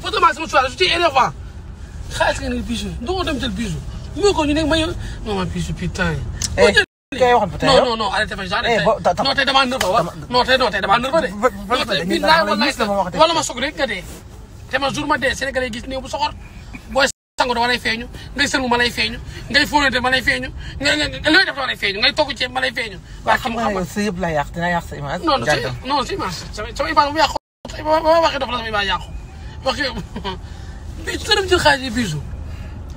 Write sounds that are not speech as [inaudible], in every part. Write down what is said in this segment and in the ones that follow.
Pourtant, sama choix je suis énervant xaalis nga ne bisu du ko dem jël bisu mu ko ñu ne ma yow non ma bisu putain eh. kay waxoon fa non non non arrêté fa genre tey non tey damaa nerveux wa non tey non tey damaa nerveux de. non tey bii laay walaay wala ma soog rek nga dee. te ma jour ma dee Sénégal yi gis néew bu soxor booy sangu dama lay feeñu ngay sëlmu ma lay feeñu ngay fóonante ma lay feeñu ngay looy def dama lay feeñu ngay togg ceeb ma lay feeñu. waaw xam nga yow sa yëpp la yàq dina yàq sa image. non non sa image sama image bu yàqu ba ma waxee dafa la sama image yàqu wax yow bii [laughs] sa dem jël xaalis yi bisu.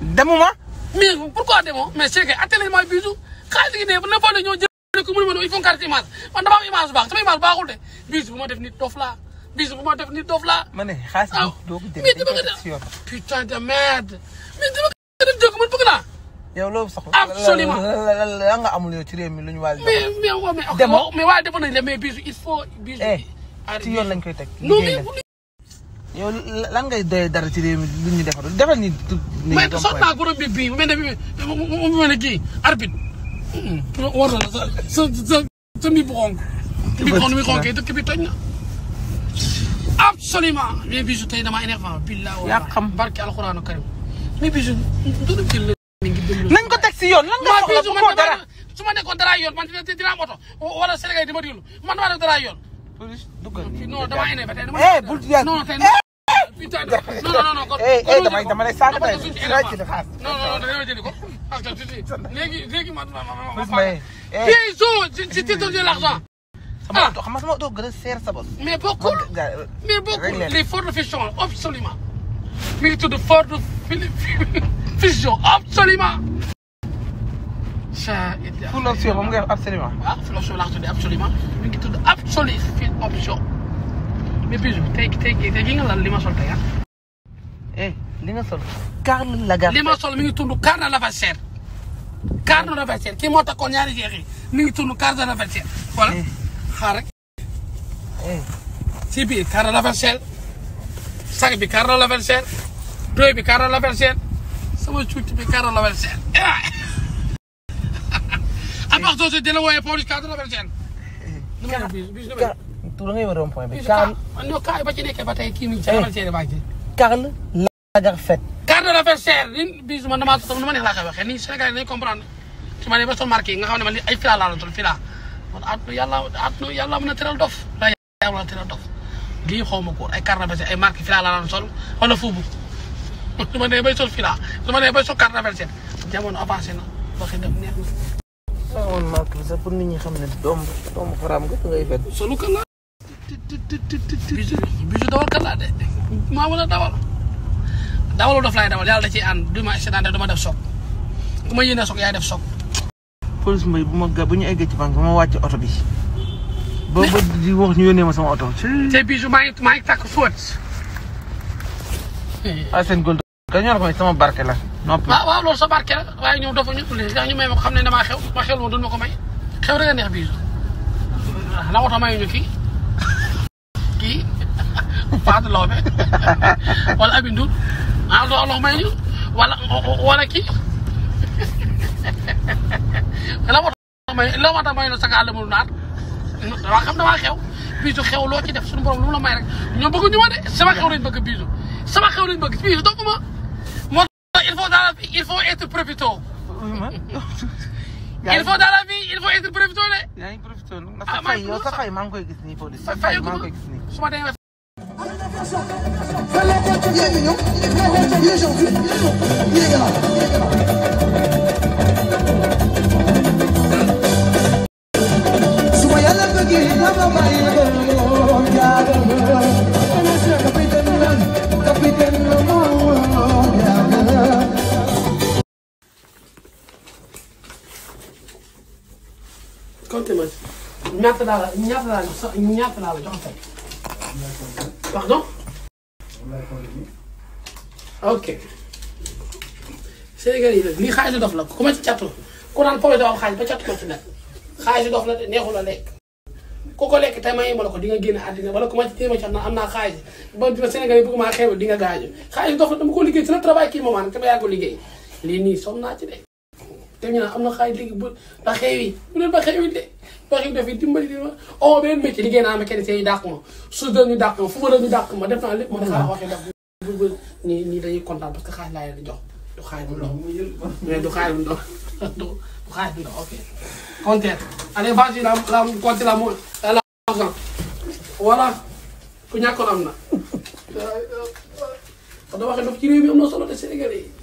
demuma. mais pourquoi demoo mais c'est que attelé ma bisu xaalis gi ne bu nekkul ne ñoo jëlee ko mu ne ma ne il faut bu de bis bu ma def nit dof la bis bu ma def nit dof laa. ma ne xaalis bi doo ko jëlee dañ koy def si yoon bi putain de merde. mais def jëkk man la nga ci réew mi lu ñu waay. mais mais waa mais. demoo mais waaye defoon nañu la mais bisu il faut. bisu eh, ci yoon lañ koy teg. liggéey la yow lan ngay doy dara ci réew mi lu ñu defarul defal ni. ne bii mu war na sa sa mi bu xonk. ki mi xonk dëkk bi toj na. absolument mais bisu tey damaa énervant billah yaa xam barke alxuraanu karim mais bisu dina jël la. nañ ko teg si yoon lan nga soxla bu ko dara su ma nekkoon dara yoon man dina am oto wala Sénégal yi dama déglu putain de. non non non eh, eh, damay damay lay sànq tey non non damay jëli ko ah léegi léegi ma ma ma ma. ils sont si te donné l'argent. ah xam nga sama oto gën a seer sa bopp. mais bokkul euh, mais bokkul les Ford Fusion absolument. mi ngi tudd Ford Fusion absolument. ça it. Full option moom nga wax absolument. ah Full option laa ko tuddee absolument mi ngi tudd absolu Full option. Bébé, je vous teg teg teg ma sol tey ah. eh li nga sol. Karl Lagerfeld li ma sol mi ngi tund Karl Lagerfeld. Karl Lagerfeld kii moo takkoon ñaari jeex yi mi ngi tund Karl Lagerfeld. voilà xaar rek. ci biir Karl Lagerfeld. sac bi Karl Lagerfeld. doy bi Karl Lagerfeld. sama cuuti bi Karl Lagerfeld. à part ça dina wooyee police Karl Lagerfeld. tout da war a rond-point bi. Karl non Kaay ba ci nekkee ba tey kii mi. Karl Lagerfeld. Karl Lagerfeld bisu man damaa toog nu ma neex laa koy waxee nii Sénégal yi dañuy comprendre su ma ba son marqué nga xam ne man ay fila laa la toll fila man at yàlla at yàlla mën na tëral dof. la yàlla mën na tëral dof lii xaw ma ko ay Karl Lagerfeld ay marqué fila laa la sol wala fuubu su ma nee bay sol fila su ma ba bay sol Karl Lagerfeld jamono avancé na waxi dem neex na. waaw man maa pour nit ñi xam ne nga ngay fekk. solu bisu bisu dawal kat laa de maa mën a dawal dawalu daf laay dawal yàlla da ciy ànd du ma accident du ma def soog ku ma yéene soog yaay def soog. police mbay bu ma ga bu ñu eggee ci banque bu ma wàcc oto bi. ba ba di wax ñu yónnee ma sama oto. te bisu maa ngi maa ngi takk fóot. ah seen ka ñor ko sama barke la. noppi waaw waaw loolu sa barke la waaye ñoom dafa ñu tuddee ndax ñu may ma ko xam ne damaa xew ma xew woon duñ ma ko may xew rek a neex bisu. la oto mayuñu kii. [laughs] faatuloobe [laughs] wala abindu ah looloo may ñu wala wala kii la [laughs] moo tax may la moo tax may na sa gaal la mu naat waaw xam damaa xew biisu xew loo ci def suñu borom lu mu la may rek ñoom bëgguñu ma de sama xew lañ bëgg biisu sama xew lañ bëgg biisu doggu ma moo tax il faut dans la vie il faut être profito il faut dans la vie il faut être profito de. yaa ngi profito nag. ah maa ngi koy gis yow sa fay maa ngi koy gis nii. police sa fay maa ngi koy gis nii. ñaata laa la ñaata laa la jox Pardon ok Sénégal yi nag lii xaalisu dof la ku ma ci cattu ku naan projet am xaalis ba cattu ma ci nag xaalisu dof la te neexul a lekk ku ko lekk te mayi ma la ko di nga génn àddina wala ku ma ci na am naa xaalis ba ba Sénégal yi bëgg maa xew di nga gaañu xaalisu dof la dama ko liggéey c'est le travail kii moment nag te ba yaa ko liggéey lii nii som naa de te ñu naan am na xaalis léegi bu ba xewi bu leen ba xewi de ba xewi dafay dimbali di ma oo beneen métier liggéey naa mécanicien yi dàq ma soudeur ñu dàq a footballeur ñu dàq ma ñi ñi dañuy kontaan parce que xaalis laa leen di jox du xaalis bu ndox mais du xaalis bu ndox du xaalis bu ndox ok compteur allez vas-y la la compte la mo la argent na waxee ndox ci réew mi am na solo te Sénégalais